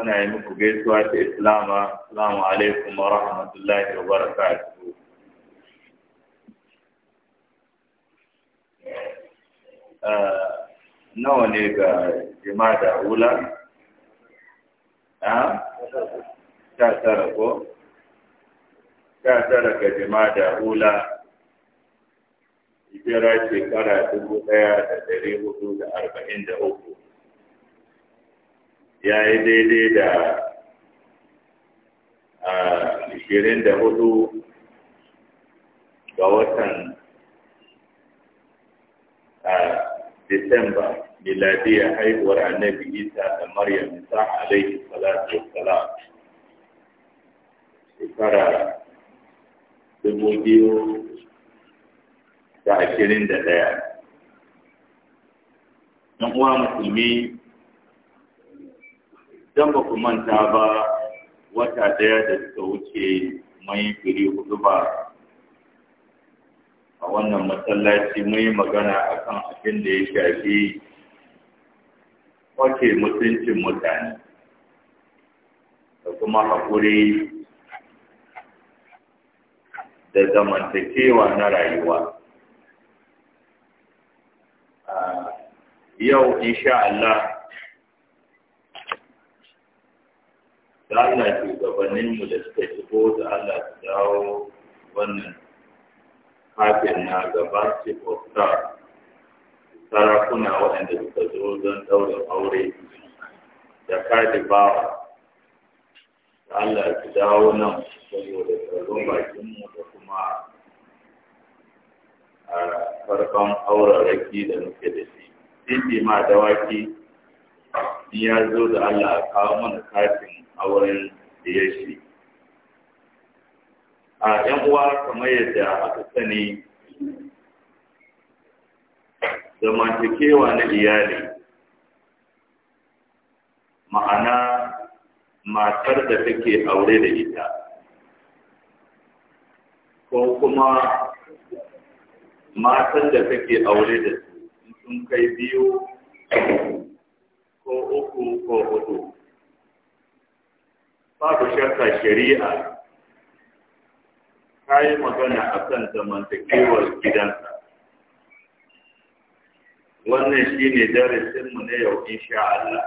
muna yi muku gaisuwa ta islama salamu alaikum wa rahmatullahi wa barakatuhu eh, nawa ne ga jima'a da wula a sha tara ko sha tara ga jima'a da wula hijira shekara dubu ɗaya da dari hudu da arba'in da uku ya yi daidai da shirin da hudu ga watan Disamba miladiyar haihuwar annabi Isa da Maryam ta alaihi salatu wassalam shekara dubu biyu da ashirin da ɗaya. ‘Yan uwa musulmi idan ba ku manta ba wata daya da suka wuce mai firi hudu ba a wannan masallaci mai magana a kan abin da ya shafi kwace mutuncin mutane da kuma haƙuri da zamantakewa na rayuwa yau insha Allah da Allah mu da suka shigo da Allah su dawo wannan kafin na gaba ce star sarakuna waɗanda suka zo don ɗaurin aure da bawa. da Allah su dawo nan saboda tsaron bakinmu da kuma a aure raki da muke da shi. Titi ma dawaki ya zo da Allah a kawo mana kafin auren da ya shi a yan uwa kamar yadda aka sani zamantakewa na iyali ma'ana matar da take aure da ita ko kuma matan da take aure da su sun kai biyu ko uku ko hudu babu shakka shari'a ta yi magana a kan zamantakewar gidansa wannan shi ne darasinmu na yau insha Allah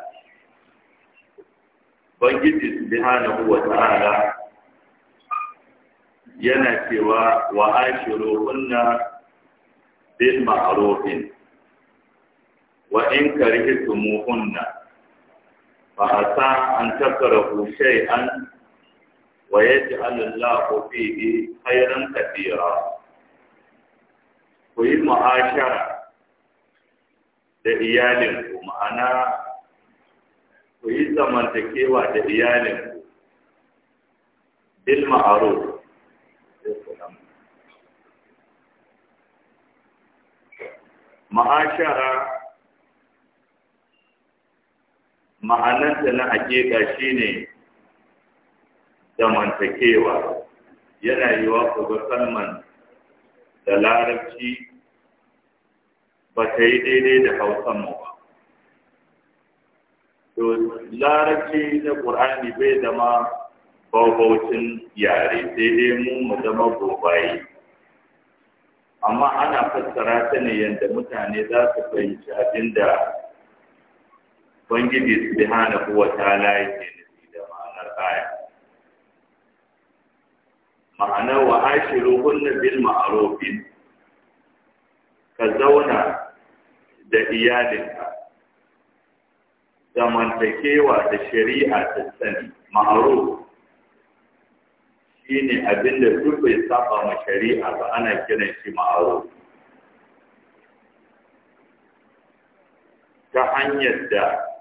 bangiji kuwa wa ta'ala yana cewa wa ashiru kunna bil ma'rufin wa in karihtu muhunna فعسى أن تكرهوا شيئا ويجعل الله فيه خيرا كثيرا ويما معاشرة da iyalinku ma'ana ku yi zamantakewa da iyalinku bil ma'ashara ma'anarta na hakika shine zamantakewa yana yi wa ga kalman da larabci ba ta yi daidai da hausan mu ba to larabci na ƙur'ani bai zama baubaucin yare sai dai mu mu zama gobaye amma ana fassara ta ne yadda mutane za su fahimci abin da ubangiji subhanahu wa ta'ala yake nufi da ma'anar aya ma'anar wa ashiru kullu bil ma'ruf ka zauna da iyalinka zamantakewa da shari'a ta sani ma'ruf shine abinda duk bai saba ma shari'a ba ana kiran shi ma'ruf ta hanyar da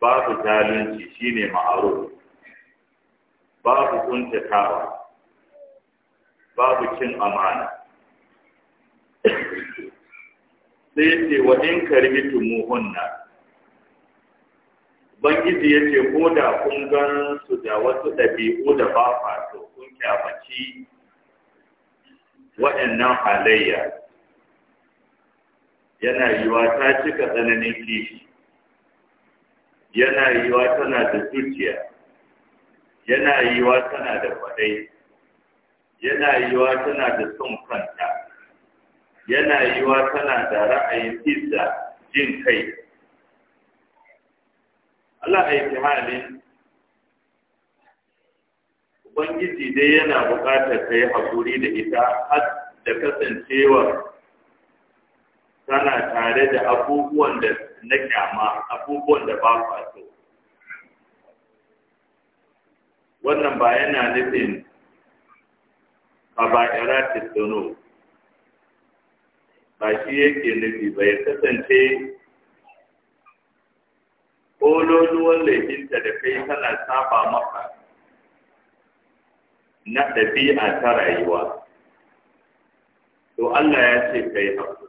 babu zalunci shine ma'aru babu kuntatawa babu cin amana sai ce wa in karbitu nan. Bangiji ya ce ko da kun gan da wasu ɗabi'u da ba fa to kun kyamaci waɗannan halayya yana yiwa ta cika tsananin kishi yana yiwa tana da zuciya yana yiwa tana da kwadai yana yiwa tana da son kanta yana yiwa tana da ra'ayin izza jin kai Allah aiki yi halin Ubangiji dai yana buƙatar kai haƙuri da ita har da kasancewa tana tare da abubuwan da na kyama abubuwan da ba kwa so wannan ba yana nufin kaba'ira tattano ba shi yake nufi bai kasance ƙololuwan laifinta da kai tana saba maka na ɗabi'a ta rayuwa to Allah ya ce kai haku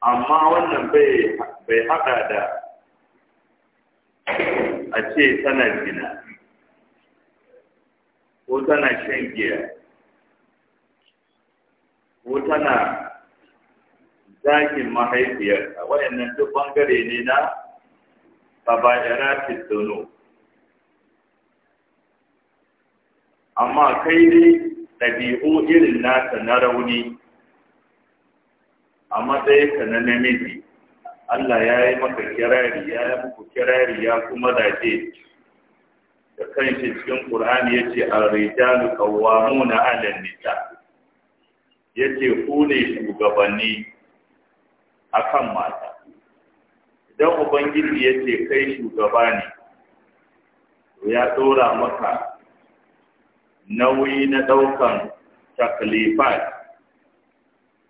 amma wannan bai haɗa da a ce tana gina ko tana shan giya ko tana zakin mahaifiyarka wayannan duk bangare ne na kaba'iratis dono amma kai dai ɗabi'u irin nasa na rauni a matsayinka na namiji Allah ya yi maka kirari ya yi muku kirari ya kuma dace da kanshi cikin Qur'ani yace ar-rijalu qawwamuna 'ala nisa yace ku ne shugabanni akan mata idan ubangiji ce, kai shugaba ne ya dora maka nauyi na ɗaukan taklifat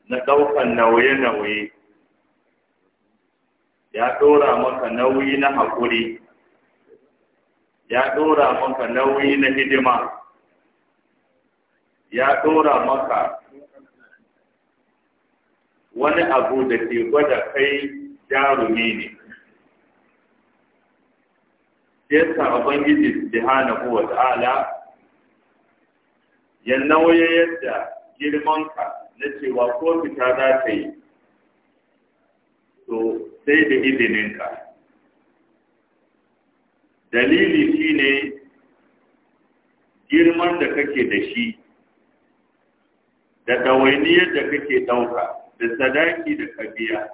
na ɗaukan nauye-nauye ya ɗora maka nauyi na haƙuri ya ɗora maka nauyi na hidima ya ɗora maka wani abu da ke gwada kai jarumi ne yasa Ubangiji subhanahu wa ta'ala ya nauye yadda girmanka na cewa ko fita za ta yi to sai da ka. dalili shine girman da kake da shi da ɗawainiyar da kake ɗauka da sadaki da kabiya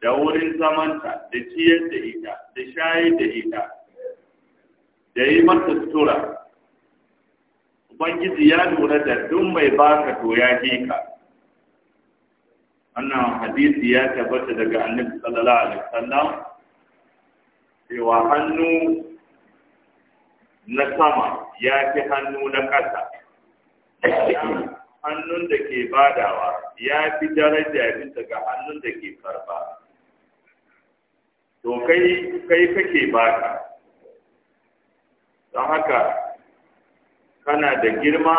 da wurin zamanta da ciyar da ita da shayar da ita da yi mata sutura ubangiji ya lura da duk mai baka to ya ka wannan hadisi ya tabbata daga annabi sallallahu alaihi wasallam cewa hannu na sama ya fi hannu na ƙasa hannun da ke badawa ya fi daraja bisa ga hannun da ke karba to kai kai kake baka don haka kana da girma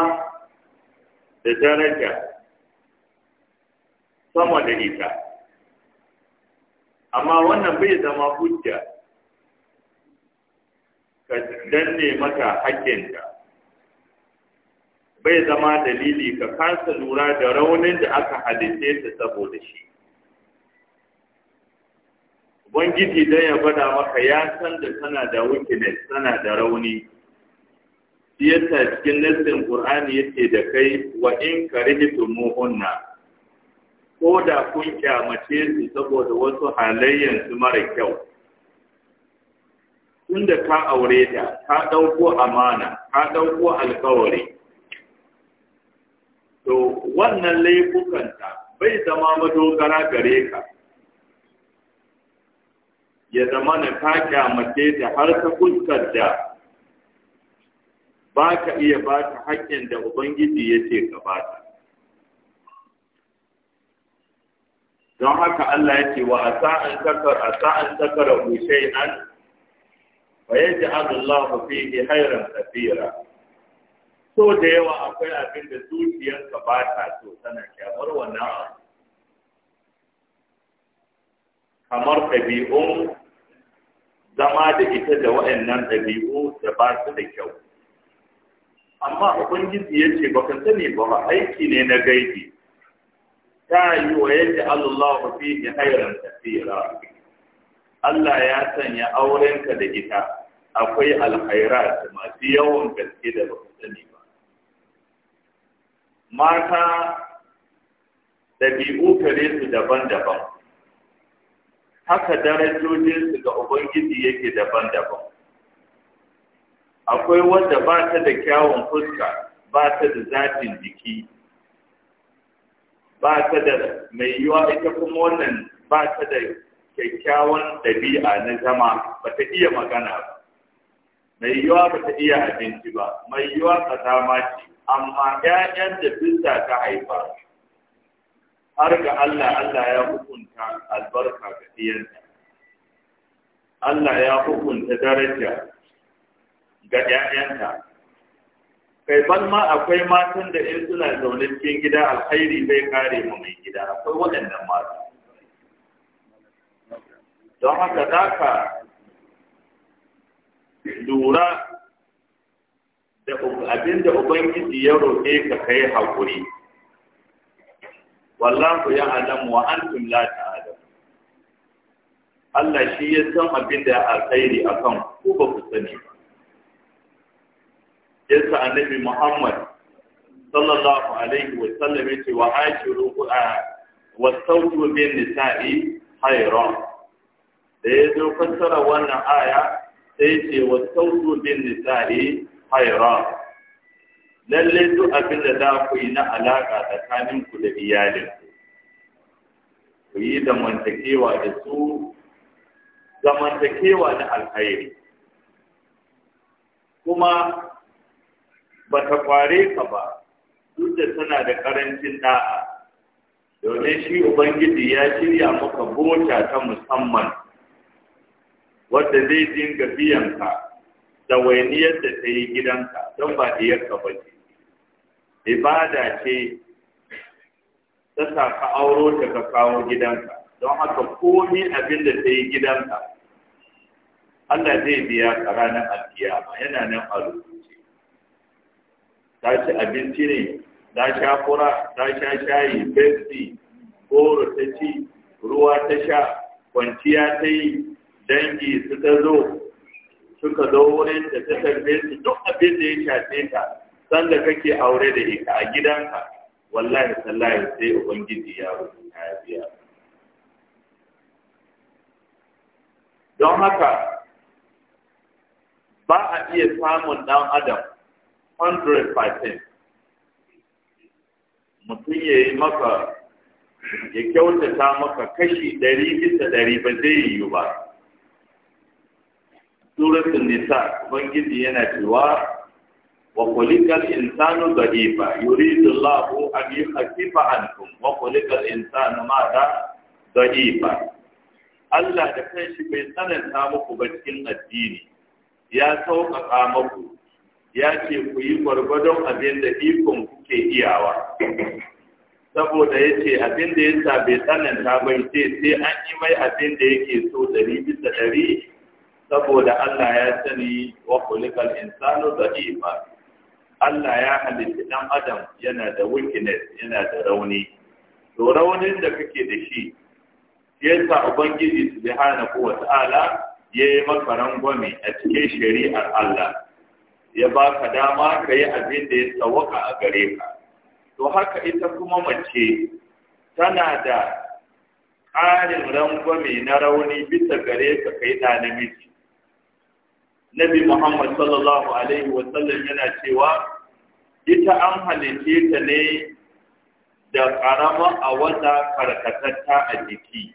da daraja sama da ita amma wannan bai zama hujja ka danne maka haƙƙinta bai zama dalili ka kasa lura da raunin da aka halitta ta saboda shi ubangiji don ya gwada maka ya san da tana da wikines tana da rauni Siyasa yasa cikin nassin qur'ani yake da kai wa in karihtu mu'unna ko da kun kyamace su saboda wasu halayyansu mara kyau tunda ka aure ta ka ɗauko amana ka ɗauko alkawari to wannan laifukanta bai zama madogara gare ka ya zama na ka kyamace ta har ka fuskar da ba ka iya ba ta haƙƙin da ubangiji ya ce ka ba ta don haka Allah ya ce wa a sa’an takar sa'an an a hu shay'an Waye yaj'alu Allah fihi khairan so da yawa akwai abin da zuciyarka ba ta so tana kyamar wannan a kamar ɗabi'un zama da ita da waɗannan ɗabi'u da ba su da kyau amma ubangiji ya ce ka sani ba aiki ne na gaibi ta yi wa yadda Allah fi ya hairar tafira. Allah ya sanya aurenka da ita akwai alkhairat masu yawan gaske da ba sani ba. Mata ɗabi'u kare su daban-daban, haka darajojinsu ga Ubangiji yake daban-daban. Akwai wanda ba ta da kyawun fuska, ba ta da zafin jiki, ba ta da mai yiwa ita kuma wannan ba ta da kyakkyawan ɗabi'a na zama ba ta iya magana ba mai yiwa ba ta iya abinci ba mai yiwa ƙazama ce amma 'ya'yan da bisa ta haifa har ga Allah Allah ya hukunta albarka ga ɗiyanta Allah ya hukunta daraja ga ‘ya'yanta kai ban ma akwai matan da in suna zaune cikin gida alkhairi zai kare mu mai gida akwai waɗannan mata don haka za ka lura da abin da ubangiji ya roƙe ka kai haƙuri wallahu ya alamu wa antum la ta'lam Allah shi ya san abin da alkhairi akan ku ba ku sani ba yasa annabi Muhammad sallallahu alaihi wa sallam yace wa ashiru wa sawtu bin nisa'i hayra da yazo fassara wannan aya sai ce wa sawtu bin nisa'i hayra lalle duk abin da za ku yi na alaka tsakanin ku da iyalin ku yi da mantakewa da su zamantakewa na alkhairi kuma ba ta kware ka ba duk da tana da karancin da'a domin shi ubangiji ya shirya maka bota ta musamman wadda zai dinga biyanka da wainiyar da ta yi gidanka don ba diyarka ba ce ibada ce ta sa ka auro ta ka kawo gidanka don haka komi abin da ta yi gidanka Allah zai biya ka ranar alkiyama yana nan a rubuce ta ci abinci ne ta sha fura ta sha shayi pepsi goro ta ci ruwa ta sha kwanciya ta yi dangi suka zo suka zo wurin da ta tarbe su duk abin da ya shafe ta sanda kake aure da ita a gidanka wallahi sallahi sai ubangiji ya rufe, ya biya don haka ba a iya samun dan adam ten. mutum ya yi maka ya kyautata maka kashi ɗari bisa ɗari ba zai yiwu ba suratun nisa ubangiji yana cewa wa kulikal insanu da'ifa yuridu Allahu an yukhaffifa ankum wa kulikal insanu ga ifa. Allah da kanshi bai tsananta muku ba cikin addini ya sauƙaƙa muku ya ce ku yi gwargwadon abin da ikon kuke iyawa saboda ya ce abin da ya sa bai tsananta bai ce sai an yi mai abin da yake so dari bisa ɗari saboda Allah ya sani wa kulikal insanu ima Allah ya halitta ɗan adam yana da weakness yana da rauni to raunin da kake da shi yasa ubangiji subhanahu wa ta'ala yayi maka rangwame a cikin shari'ar Allah ya ba ka dama ka yi abin da ya sawaka a gare ka to haka ita kuma mace tana da ƙarin rangwame na rauni bisa gare ka kai na namiji nabi muhammad sallallahu alaihi wasallam yana cewa ita an halitce ta ne da ƙarama a wata karkatatta a jiki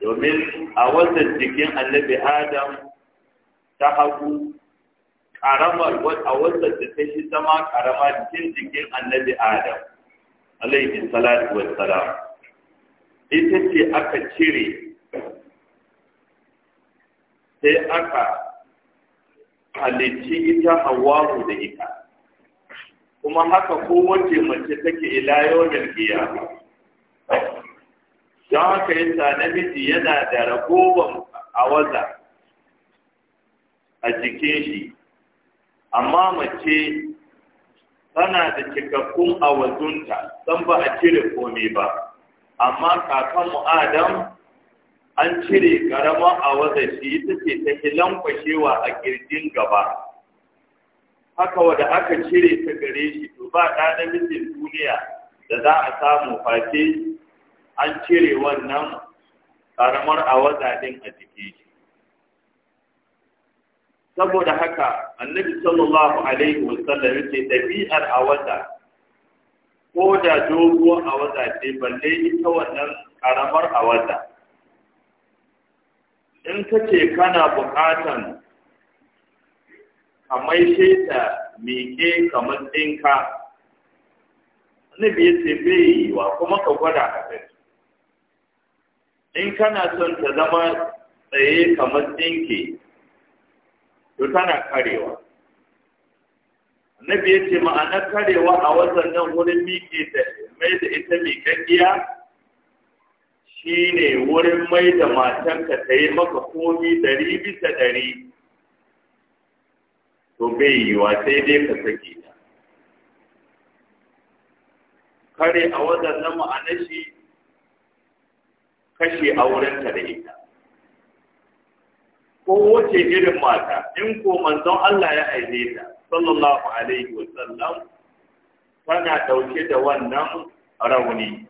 domin a wata jikin annabi adam ta hagu karamar a wadda da ta shi zama karama cikin jikin annabi adam alaihi salatu wa salam ita ce aka cire sai aka halicci ita hawaru da ita kuma haka kowace mace take ila da kiyama don haka yasa namiji yana da ragowar waza a jikin shi amma mace tana da cikakkun awazunta don ba a cire komai ba amma kakan mu adam an cire a awaza shi ita ce ta hilan kwashewa a kirjin gaba haka wadda aka cire ta gare shi to ba ɗa namijin duniya da za a samu face an cire wannan karamar awaza din a jiki saboda haka annabi sallallahu alaihi wasallam yace tabi'ar a wata ko da dogo a wata ce balle ita wannan karamar a wata in ka ce kana buƙatan ka maishe ta miƙe kamar ɗinka annabi yace bai yi wa kuma ka gwada haka in kana son ta zama tsaye kamar ɗinki to tana karewa annabi ya ce ma'ana karewa a nan wurin miƙe da mai da ita mai shi shine wurin mai da matanka ta yi maka komi dari bisa ɗari to bai yi wa sai dai ka sake ta kare a nan ma'ana shi kashe aurenta da ita ko wace irin mata in ko manzon Allah ya aine ta sallallahu alaihi wa sallam tana dauke da wannan rauni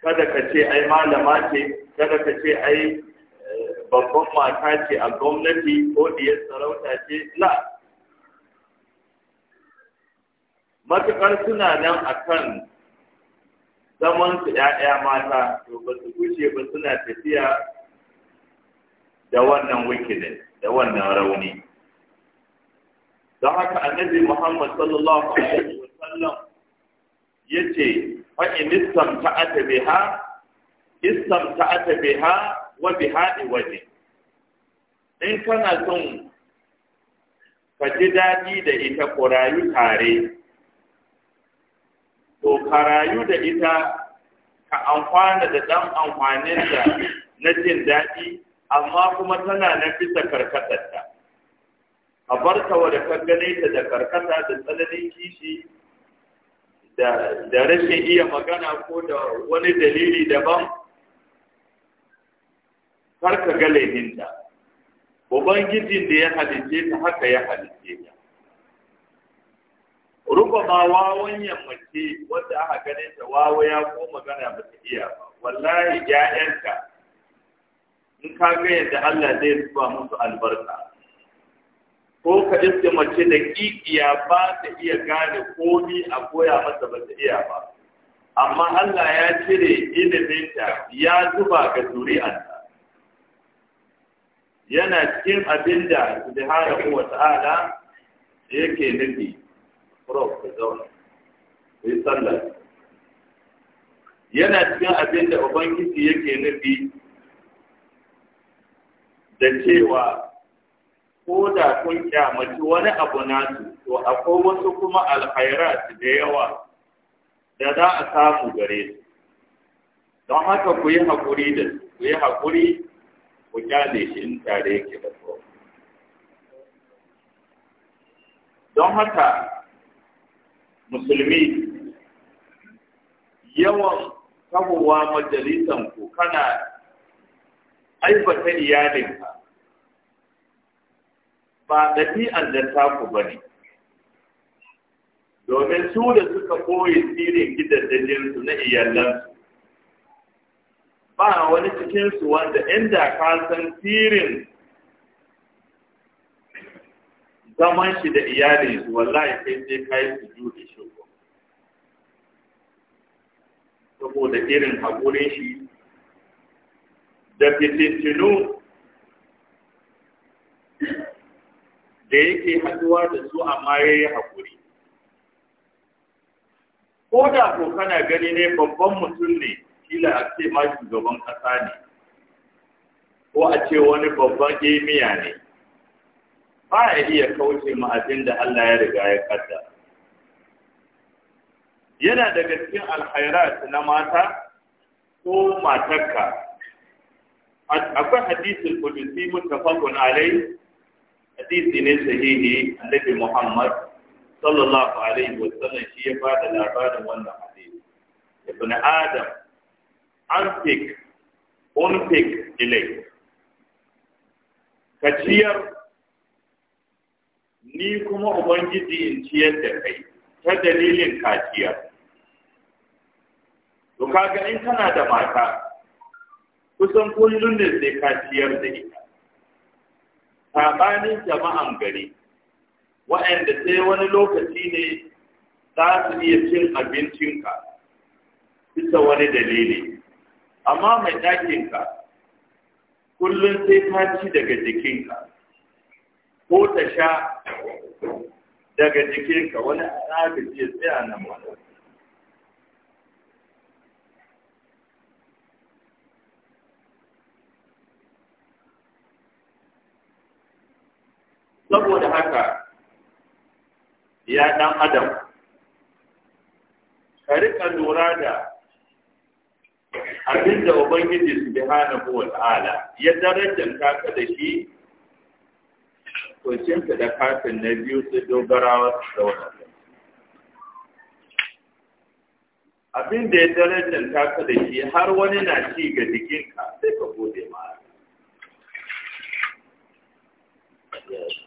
kada ka ce ai malama ce kada ka ce ai eh, babban mata ce a gwamnati ko diyar sarauta ce la matukar suna nan akan zaman su ‘ya'ya mata to ba su gushe ba suna tafiya da wannan wikidin da wannan rauni don haka annabi muhammad sallallahu alaihi wa sallam ya ce fa'in istamta'ata biha istamta'ata biha wa biha waje in kana son ka ji daɗi da ita ku rayu tare to ka rayu da ita ka amfana da ɗan amfanin da na jin daɗi amma kuma tana na bisa karkatarta a barka wadda ka gane ta da karkata da tsananin kishi da rashin iya magana ko da wani dalili daban karka ga Uban gijin da ya halice ta haka ya halice ta ruba ma wawan yammace wanda aka gane ta wawa ya ko magana ba ta iya ba wallahi ya'yanka in ka ga yadda Allah zai zuba musu albarka ko ka iske mace da kikiya ba ta iya gane komi a koya masa ba ta iya ba amma Allah ya cire iliminta ya zuba ga zuri'anta yana cikin abin da subhanahu wa ta'ala yake nufi prof ka zauna yi sallah yana cikin abin da ubangiji yake nufi da cewa ko da kun kyamaci wani abu nasu to akwai wasu kuma alkhairat da yawa da za a samu gare su don haka ku yi haƙuri da ku yi haƙuri ku kyale shi in tare yake da su don haka musulmi yawan kawowa majalisanku kana aibata iyalinka ba ɗabi'ar da ta ba ne domin su da suka koyi tsirin gidajensu na iyalansu ba wani cikinsu wanda inda ka san tsirin zaman shi da iyalinsu wallahi sai sai ka yi su juɗe shi saboda irin haƙurin shi da fitintinu da yake haduwa da su amma ya yi haƙuri ko da ko kana gani ne babban mutum ne kila a ce ma shugaban ƙasa ne ko a ce wani babban gemiya ne ba a iya kauce ma abin da Allah ya riga ya kaddara yana daga cikin alhairat na mata ko matarka akwai hadisul qudsi mutafakun alai hadisi ne sahihi annabi Muhammad sallallahu alaihi wa sallam shi ya bada labarin wannan hadisi ibn adam antik, unfik ilai ka ciyar ni kuma ubangiji in ciyar da kai ta dalilin kaciyar to kaga in kana da mata kusan kullum ne sai ka ciyar da ita sabanin jama'an gari wa'anda sai wani lokaci ne za su iya cin abincinka bisa wani dalili amma mai ɗakinka kullum sai ta ci daga jikinka ko ta sha daga jikinka wani ana gajiya tsaya nan wani saboda haka ya ɗan adam ka rika lura da abinda ubangiji hana wa ta'ala ya darajar kaka da shi to da kafin na biyu su dogarawa su abin abinda ya darajar kaka da shi har wani na ci ga jikinka sai ka gode ma Yes.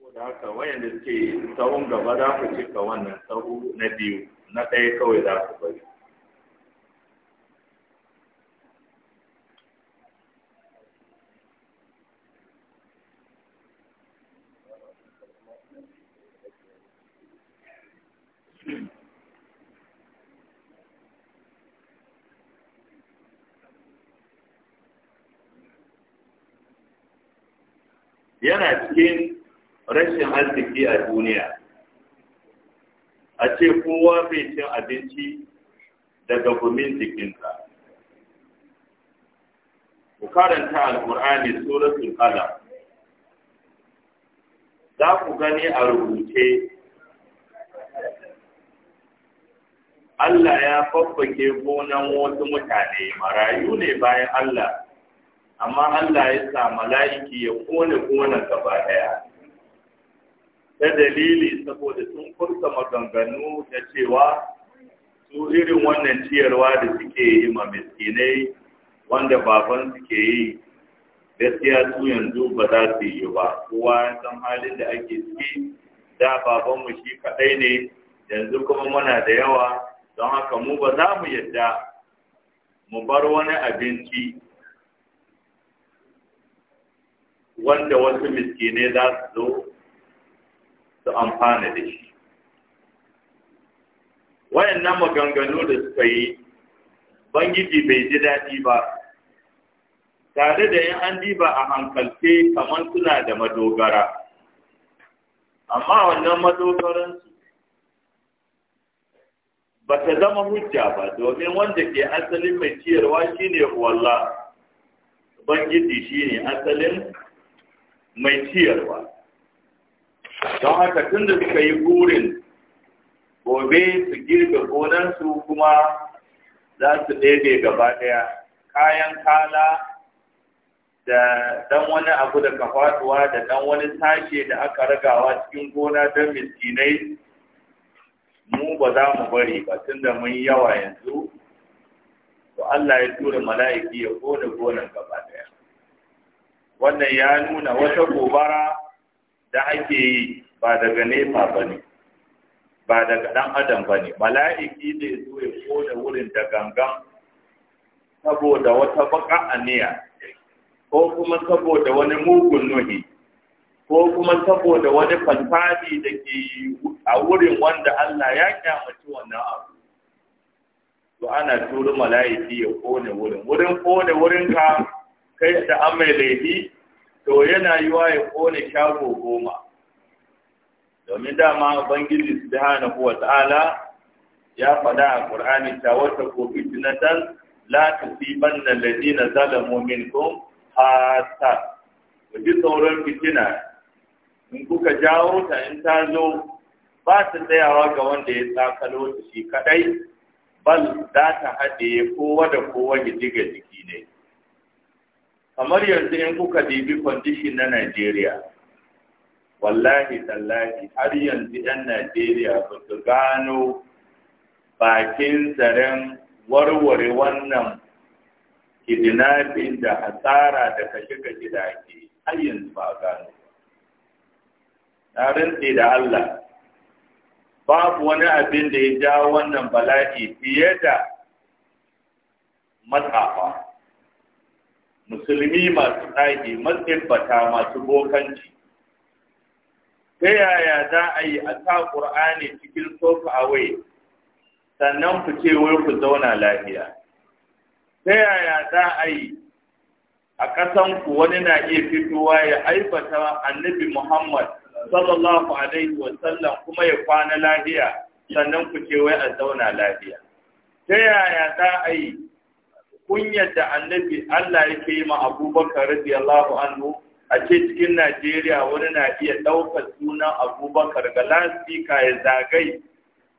saboda haka wayanda suke tsawon gaba za ku cika wannan tsawo na biyu na ɗaya kawai za ku bari rashin arziki a duniya a ce kowa bai cin abinci daga gumin jikinsa ku karanta alkur'ani suratul qalam za ku gani a rubuce Allah ya babbake gonan wasu mutane marayu ne bayan Allah amma Allah ya sa mala'iki ya kone gonan gaba daya ta dalili saboda sun furta maganganu da cewa su irin wannan ciyarwa da suke yi ma miskinai wanda baban suke yi gaskiya su yanzu ba za su yi ba kowa ya san halin da ake ciki da babanmu shi kaɗai ne yanzu kuma muna da yawa don haka mu ba za mu yadda mu bar wani abinci wanda wasu miskinai za su zo su amfana da shi wayannan maganganu da suka yi bangiji bai ji daɗi ba tare da yin an diba a hankalce kamar suna da madogara amma wannan madogaransu ba ta zama hujja ba domin wanda ke asalin mai ciyarwa shine walla bangiji shi ne asalin mai ciyarwa don haka tun da suka yi burin gobe su girbe gonarsu kuma za su ɗebe gaba ɗaya kayan kala da dan wani abu da kafaduwa da dan wani sashe da aka ragawa cikin gona don miskinai mu ba za mu bari ba tun da mun yawa yanzu to Allah ya tura mala'iki ya gona gonan gaba ɗaya wannan ya nuna wata gobara da ake yi ba daga nefa ba ne ba daga ɗan adam ba ne mala'iki ne zo ya da wurin da gangan saboda wata baka aniya ko kuma saboda wani mugun nuhi ko kuma saboda wani fasadi da ke a wurin wanda Allah ya kyamaci wannan abu to ana turu mala'iki ya kone wurin wurin kone wurin ka kai da an mai laifi to yana yi wa ya kone shago goma domin dama ubangiji hana kuwa ta'ala ya faɗa a ƙur'ani ta wata ko na la tusibanna alladhina ko minkum hatta ji tsoron fitina in kuka jawo ta in ta zo ba ta tsayawa ga wanda ya tsakalo ta shi kadai bal za ta haɗe kowa da kowa ya jiga jiki ne kamar yanzu in kuka dibi kwandishin na Najeriya wallahi tallahi har yanzu 'yan Najeriya ba su gano bakin zaren warware wannan kidnapping da hasara da kashe-kashe da ake har yanzu ba gano. Na rantse da Allah, babu wani abin da ya jawo wannan bala'i fiye da matsafa. musulmi masu tsage bata masu bokanci ta yaya za a yi a sa ƙur'ani cikin sofa away sannan ku ce wai ku zauna lafiya ta yaya za a yi a ƙasanku wani na iya fitowa ya aibata annabi muhammad sallallahu alaihi wasallam kuma ya kwana lafiya sannan ku ce wai a zauna lafiya ta yaya za a yi kunyar da annabi Allah yake yi ma abubakar radiyallahu anhu a ce cikin Najeriya wani na iya ɗaukar sunan abubakar ga lasika ya zagai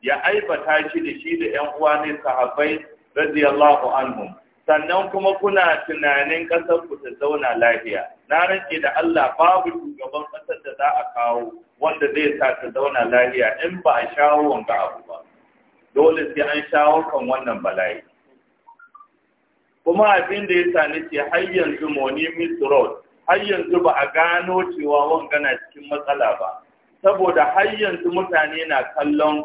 ya aibata shi da shi da ‘yan uwa ne sahabbai radiyallahu anhu sannan kuma kuna tunanin ƙasar ku ta zauna lafiya na rage da Allah babu shugaban ƙasar da za a kawo wanda zai sa ta zauna lafiya in ba a shawo wanga abu ba dole sai an shawo kan wannan bala'i kuma abin da ya sani ce har yanzu moni misrod har yanzu ba a gano cewa wanga cikin matsala ba saboda har yanzu mutane na kallon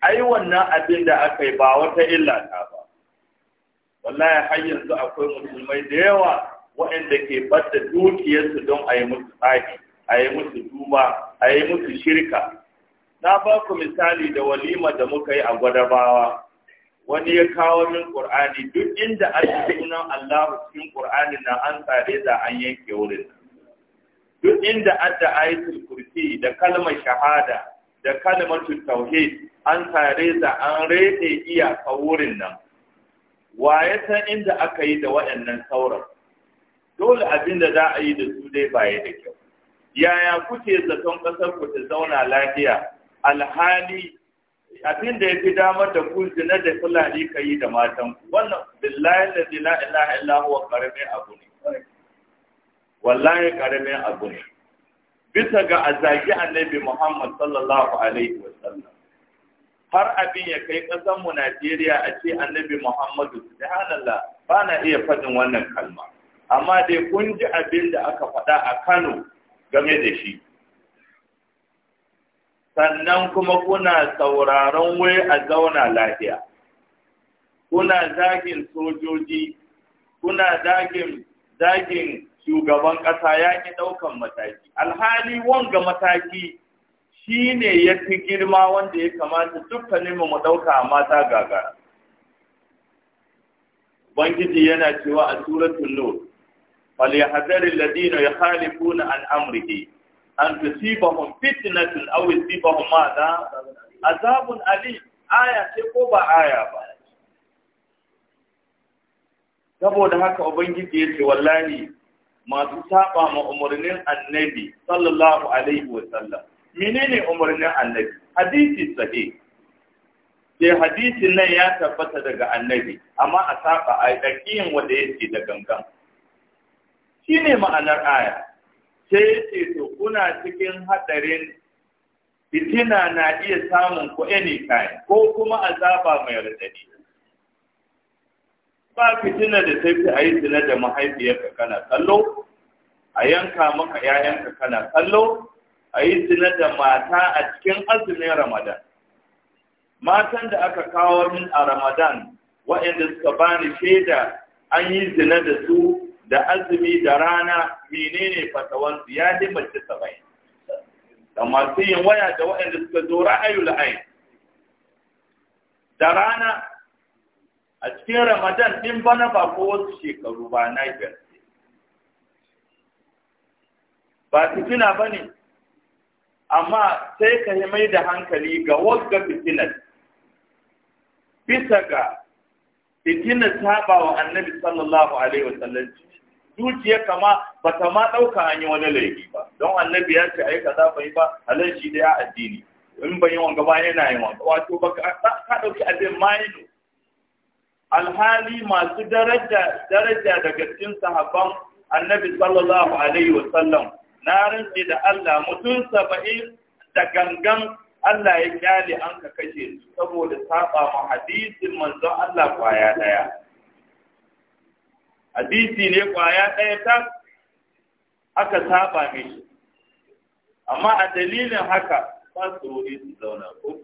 ai wannan abin da aka yi ba wata illa ta ba wallahi har yanzu akwai musulmai da yawa waɗanda ke bada dukiyarsu don a yi musu tsaki a yi musu duba a yi musu shirka na ba ku misali da walima da muka yi a gwadabawa wani ya kawo min Qur'ani duk inda ake sunan Allah cikin Qur'ani na an tsare da an yanke wurin duk inda adda ayatul kursi da kalmar shahada da kalmar tauhid an tsare da an rede ka wurin nan wa ya san inda aka yi da waɗannan sauran dole abin da za a yi da su dai baya da kyau yaya kuke zaton ƙasar ku ta zauna lafiya alhali abin da ya fi damar da ku zina da fulani ka yi da matan ku wannan billahi da zina ina ina wa karamin abu ne wallahi karamin abu ne bisa ga azagi annabi muhammad sallallahu alaihi wa sallam har abin ya kai ƙasar mu najeriya a ce annabi muhammadu subhanallah ba na iya fadin wannan kalma amma dai kun ji abin da aka faɗa a kano game da shi sannan kuma kuna sauraron wai a zauna lafiya kuna zagin sojoji kuna zagin zagin shugaban ƙasa ya ki ɗaukan mataki alhali wanga mataki shi ne ya fi girma wanda ya kamata dukkanin mu ɗauka a mata gagara Bangiji yana cewa a suratul nur fal Ladino ya yukhalifuna an amrihi an tusibahum fitnatun aw yusibahum madha azabun ali aya ce ko ba aya ba saboda haka ubangiji ya ce wallahi masu saba ma umarnin annabi sallallahu alaihi wa sallam menene umarnin annabi hadisi sahih sai hadisin nan ya tabbata daga annabi amma a saba a dakiyin wanda yake da gangan shine ma'anar aya sai ya ce to kuna cikin haɗarin fitina na iya samun ku any time ko kuma azaba mai radadi ba fitina da ta fi a yi zina da mahaifiyarka kana kallo a yanka maka ‘ya'yanka kana kallo a yi zina da mata a cikin azumin ramadan matan da aka kawo min a ramadan waɗanda suka bani shaida an yi zina da su da azumi da rana menene fatawan su ya ji mace sabai da masu yin waya da waɗanda suka zo ra'ayu la'ayin da rana a cikin ramadan ɗin bana ba ko wasu shekaru ba na ba fitina ba ne amma sai ka mai da hankali ga wagga fitinar bisa ga fitinar ba wa annabi sallallahu alaihi wasallam dukiyar kama ba ta ma ɗauka an yi wani laifi ba don annabi ya ce yi kaza yi ba halal shi da ya addini in ban yi wanga ba yana yin wanga wato ba ka ɗauki abin maino alhali masu daraja daga cikin sahabban annabi sallallahu alaihi wa sallam na rinke da Allah mutum saba'in da gangan Allah ya kyale an ka kashe su saboda saba ma hadisin manzon Allah kwaya daya hadisi ne kwaya ɗaya ta aka saba mishi amma a dalilin haka ba su rori su zauna ko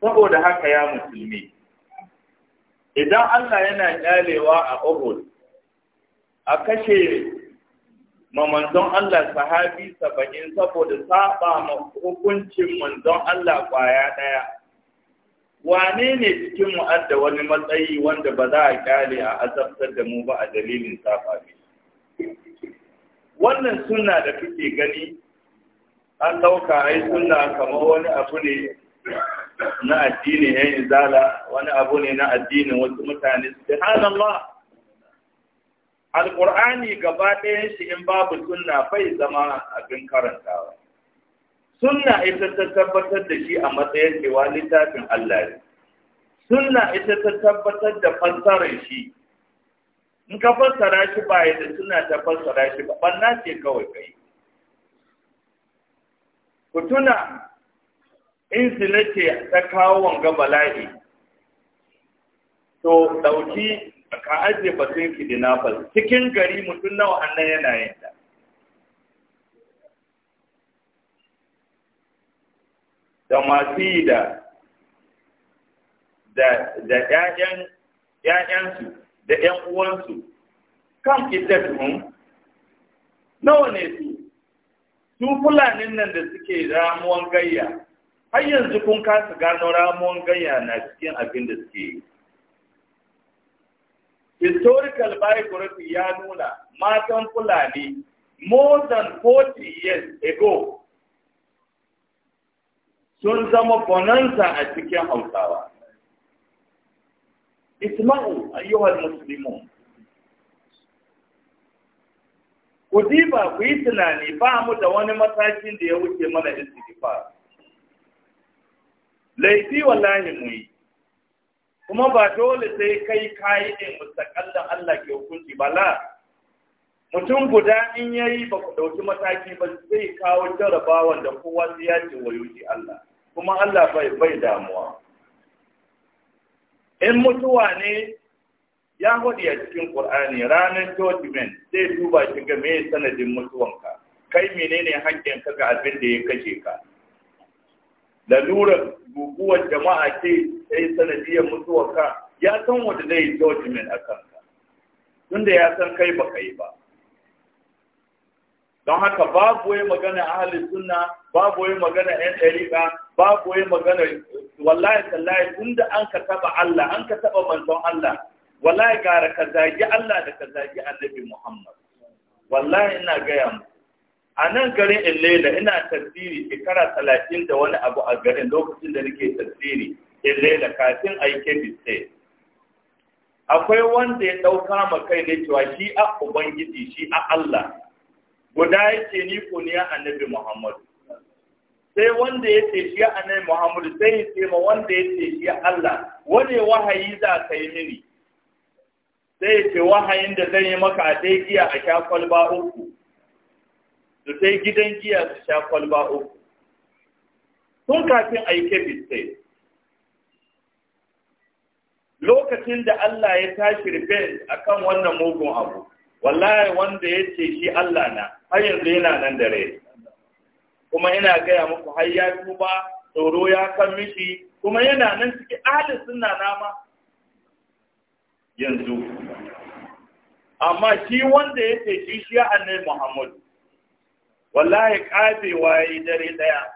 saboda haka ya musulmi idan Allah yana kyalewa a Uhud a kashe ma manzon Allah sahabi saba'in saboda saba ma hukuncin manzon Allah kwaya ɗaya wane ne cikin mu'adda wani matsayi wanda ba za a kyale a azabtar da mu ba a dalilin saba wannan suna da kuke gani an ɗauka ai suna kamar wani abu ne na addini ya yi wani abu ne na addinin wasu mutane su Allah alƙur'ani gaba ɗaya shi in babu suna bai zama abin karantawa sunna ita ta tabbatar da shi a matsayin cewa littafin Allah ne sunna ita ta tabbatar da fassarar shi in ka fassara shi ba yadda suna ta fassara shi ba ɓanna ce kawai kai ku tuna in su ce ta kawo wanga bala'i to dauki ka ajiye batun kidinafal cikin gari mutum nawa annan yana yin ta da masu yi da da ‘ya'yansu da ‘yan uwansu kan iddatun nawa ne su su fulanin nan da suke ramuwan gayya har yanzu kun kasa gano ramuwan ganya na cikin abin da suke yi historical biography ya nuna matan fulani more than 40 years ago sun zama bonanza a cikin hausawa isma'u ayyuhal Musulmi ku ba ku yi tunani ba mu da wani matakin da ya wuce mana istighfar laifi wallahi mu yi kuma ba dole sai kai kayi ne mustaqallan Allah ke hukunci ba la mutum guda in yayi ba ku dauki mataki ba zai kawo jarabawan da kowa sai ya ce Allah kuma Allah bai bai damuwa in mutuwa ne ya hudu a cikin Qur'ani ranar judgment zai duba shi ga me sanadin mutuwanka kai menene hakkin ka ga abin da ya kashe ka lalurar guguwar jama'a ce sai sanadiyar mutuwar ka ya san wanda zai yi judgment a kanka tunda ya san kai ba kai ba don haka babu wai magana ahalin sunna babu wai magana yan ɗariƙa babu wai magana wallahi tallahi tunda an ka taɓa Allah an ka taɓa manzon Allah wallahi gara ka zagi Allah da ka zagi annabi Muhammad wallahi ina gaya mu a nan garin illela ina tasiri shekara talatin da wani abu a garin lokacin da nake tasiri illela kafin a yi kebbi state akwai wanda ya ɗauka ma kai ne cewa shi a ubangiji shi a allah guda ya ce ni ko ni annabi muhammadu sai wanda ya ce shi annabi muhammadu sai ya ce ma wanda ya ce shi allah wani wahayi za ka yi mini sai ya ce wahayin da zan yi maka a dai a sha kwalba uku su sai gidan giya su sha kwalba uku tun kafin a yi kebis lokacin da Allah ya tashi a kan wannan mugun abu wallahi wanda ya ce shi Allah na har yanzu yana nan da rai kuma ina gaya muku har ya tuba tsoro ya kan mishi kuma yana nan ciki alis suna nama yanzu amma shi wanda ya ce shi shi annabi Muhammadu wallahi kafewa yi dare daya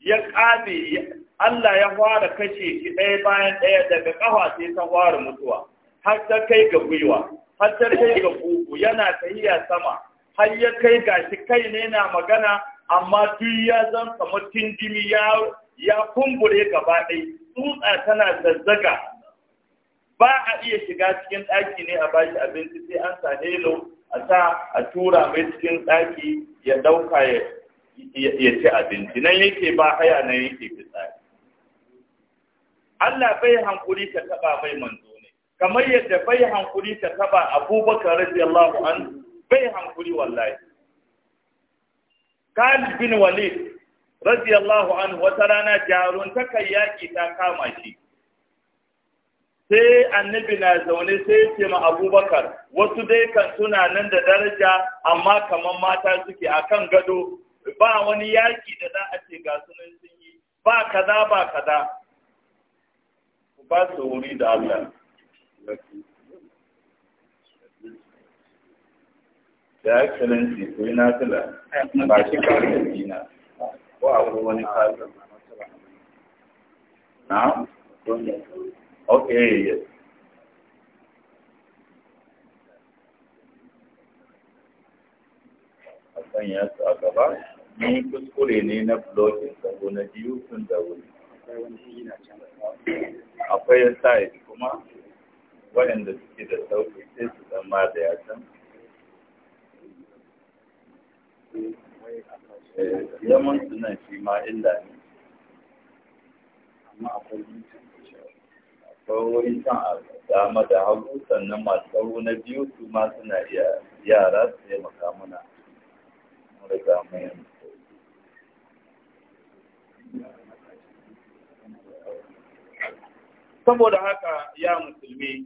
ya kafe Allah ya fara kashe shi ɗaya bayan ɗaya daga ƙafa sai ta fara mutuwa har ta kai ga gwiwa har ta kai ga gugu yana tahiya sama har ya kai ga gashi kai ne na magana amma duk ya zan kamar tindimi ya ya kumbure gaba ɗai tsutsa tana zazzaga ba a iya shiga cikin ɗaki ne a bashi abinci sai an sa a sa a tura mai cikin ɗaki ya ɗauka ya ci abinci nan yake ba haya nan yake fitsari Allah bai hankuri ka taɓa mai manzo ne kamar yadda bai hankuri ka taɓa abubakar radiyallahu an bai hankuri wallahi Khalid bin Walid radiyallahu anhu, wata rana jarun ta kai yaƙi ta kama shi sai annabi na zaune sai ya ce ma abubakar wasu dai kan suna nan da daraja amma kamar mata suke akan gado ba wani yaki da za a ce ga sunan sun yi ba kaza ba kaza ba su wuri da Allah da excellency ko na kula ba shi kare da dina ko akwai wani kasa na Okay, yes. A ya su a gaba, ni kuskure ne na blogin sabo na biyu sun da wuri. Akwai site kuma waɗanda suke da sauƙi sai su zama da yasan. Zaman sunan shi ma illa ne. Amma akwai tsawon wuri kan a dama da hagu sannan masu tsawo na biyu su ma suna iya yara su taimaka makamuna mu riga mu saboda haka ya musulmi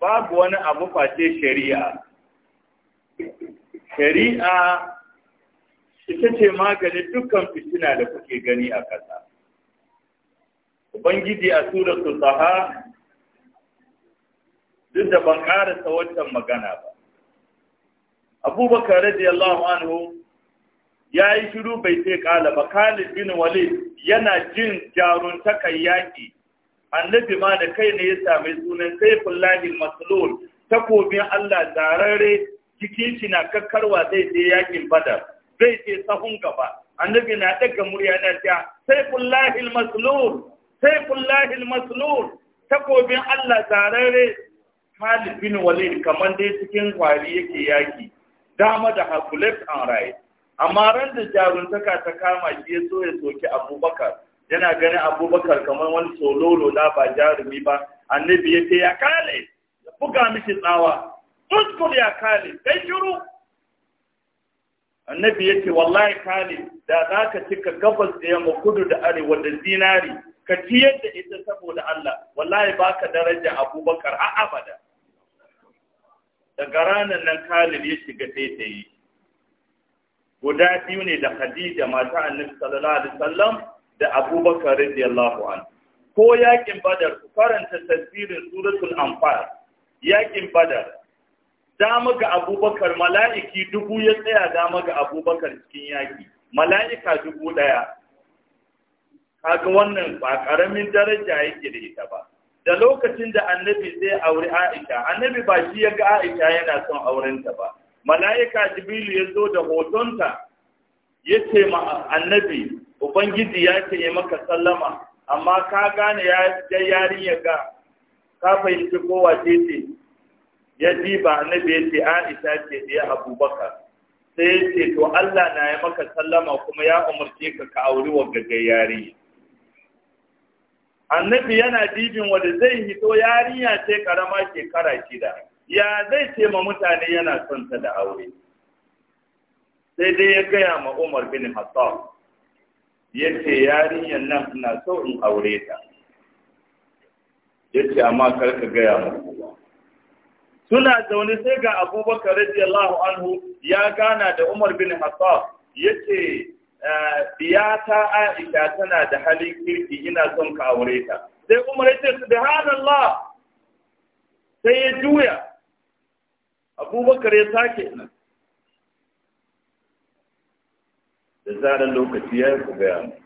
babu wani abu face shari'a shari'a ita ce magani dukkan fitina da kuke gani a kasa ubangiji a suratul taha duk da ban karasa wancan magana ba abubakar radiyallahu anhu ya yi shiru bai sai kala ba Khalid bin Walid yana jin jarun jaruntakan yaƙi annabi ma da kai ne ya sami sunan Saifullahi Maslul takobin Allah zarare cikin shi na kakkarwa zai sai yaƙin Badar zai je sahun gaba annabi na ɗaga murya na ta Saifullahi Maslul sayfullahi lahil maslul takobin Allah tarare Khalid bin Walid kamar dai cikin kwari yake yaki dama da hagu left and amma ran da jaruntaka ta kama shi ya so ya soki Abubakar yana ganin Abubakar kamar wani sololo na ba jarumi ba annabi ya ce ya kale ya buga mishi tsawa uskur ya kale kai shiru annabi ya ce wallahi kale da za ka cika gabas da yamma kudu da arewa da zinari ka ciyar da ita saboda Allah wallahi baka daraja abubakar a abada daga ranar nan kalib ya shiga daidai guda biyu ne da khadija mata annabi sallallahu alaihi wasallam da abubakar radiyallahu anhu ko yakin badar ku karanta tafsirin suratul anfal yakin badar dama ga abubakar mala'iki dubu ya tsaya dama ga abubakar cikin yaki mala'ika dubu daya kaga wannan ba karamin daraja yake da ita ba da lokacin da annabi zai aure Aisha annabi ba shi ya ga Aisha yana son aurenta ba mala'ika Jibril ya zo da hotonta ya ce ma annabi ubangiji ya ce ya maka sallama amma ka gane ya ga yarinya ga ka fahimci kowa ce ce ya ji ba annabi ya ce Aisha ce ɗaya Abubakar sai ya ce to Allah na ya maka sallama kuma ya umarce ka ka auri wa gaggayari annabi yana dibin wanda zai hito yarinya ce karama shekara shida ya zai ce ma mutane yana son ta da aure sai dai ya gaya ma Umar bin Khattab yace yarinyar nan na so in aure ta yace amma kar ka gaya ma kowa suna zaune sai ga Abubakar radiyallahu anhu ya gana da Umar bin Khattab yace Eh, ta Aisha tana da halin kirki ina son ka aure ta sai Umar ya ce subhanallah sai ya juya Abubakar ya sake nan da zarar lokaci ya ku gaya mu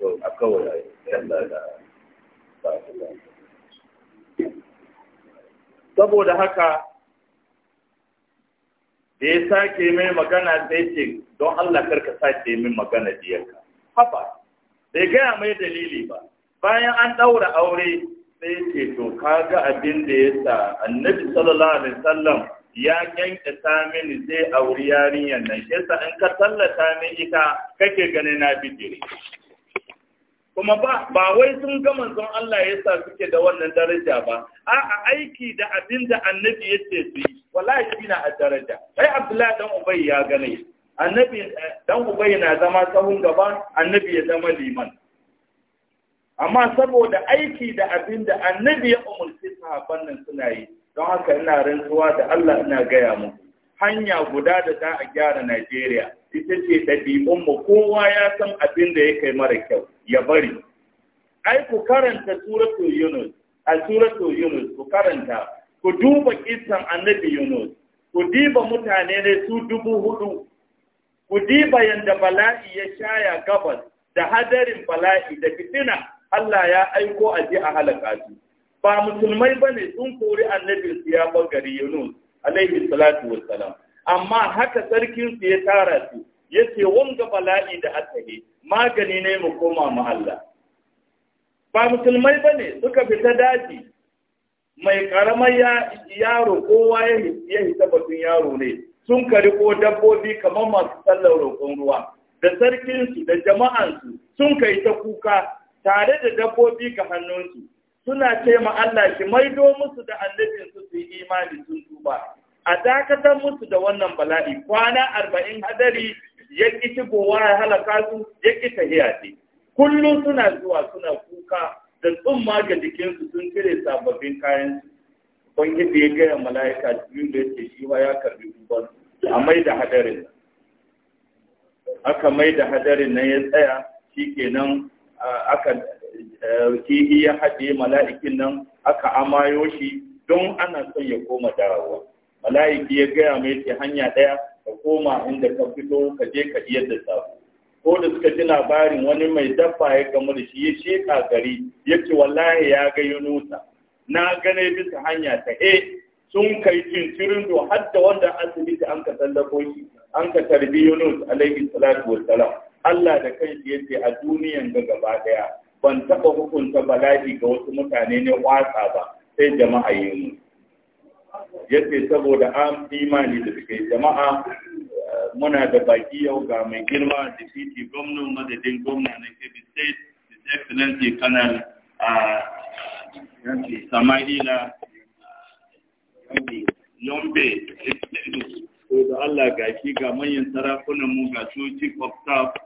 to a kawai Allah da saboda haka da ya sake mai magana sai ce don Allah karka sake min magana diyarka haba bai gaya mai dalili ba bayan an ɗaura aure sai ce to kaga abin da ya sa annabi sallallahu alaihi wasallam ya kyankyata mini zai auri yarinyar nan yasa in ka tallata min ita kake ganin na bijiri kuma ba ba wai sun ga manzon Allah yasa suke da wannan daraja ba a'a aiki da abin da annabi yace su yi wallahi shi na addaraja sai abdullahi dan ubay ya gane annabi eh, dan ubay na zama sahun gaba annabi ya zama liman amma saboda aiki da abinda annabi ya umarci sahabban nan suna yi don haka ina rantsuwa da Allah ina gaya mu. hanya guda da za a gyara Najeriya ita ce mu kowa ya san abin da ya kai mara kyau ya bari ai ku karanta suratul yunus a suratul yunus ku karanta ku duba kisan annabi Yunus, ku diba mutane ne su dubu hudu, ku diba yadda bala'i ya shaya gabas da hadarin bala'i da fitina Allah ya aiko a ji a halaka su. Ba musulmai ba ne sun kori annabin su ya gari Yunus, alaihi salatu wassalam. Amma haka sarkin su ya tara su, ya ce wanga bala'i da asali magani ne mu koma mu Allah. Ba musulmai ba ne suka fita daji mai karamar yaro kowa ya hita batun yaro ne sun ka riko dabbobi kamar masu sallar roƙon ruwa da sarkinsu da jama'ansu sun kai ta kuka tare da dabbobi ga hannunsu suna ce ma Allah shi maido musu da annabin su yi imani sun tuba a dakatar musu da wannan bala'i kwana arba'in hadari ya ƙi shigowa ya halaka su ya ƙi ta ce kullum suna zuwa suna kuka da tsumma ga jikinsu sun cire sababbin kayansu yadda ya gaya mala'ika jirgin da yake shi ma ya karbi duban a mai da hadarin aka mai da hadarin nan ya tsaya shikenan aka eh, kihi ya haɗe mala'ikin nan aka amayo shi don ana son ya koma dawowa mala'iki ya gaya mai ce hanya ɗaya ka koma inda ka fito ka je ka iya da sabo ko da suka ji labarin wani mai dafa ya gamu da shi ya sheka gari ya ce wallahi ya ga yunusa na gane bisa hanya ta e sun kai cincirin do har da wanda asibiti an ka tallafo shi an ka tarbi yunus alaihi salatu wassalam Allah da kai ya ce a duniyan ga gaba daya ban taba hukunta bala'i ga wasu mutane ne watsa ba sai jama'a yunus ya ce saboda an imani da suke jama'a muna da baki yau ga mai girma da city gwamnan madadin gwamna na kebbi state his excellency samari na yombe da allah ga shi ga manyan sarakunan mu ga su chief of staff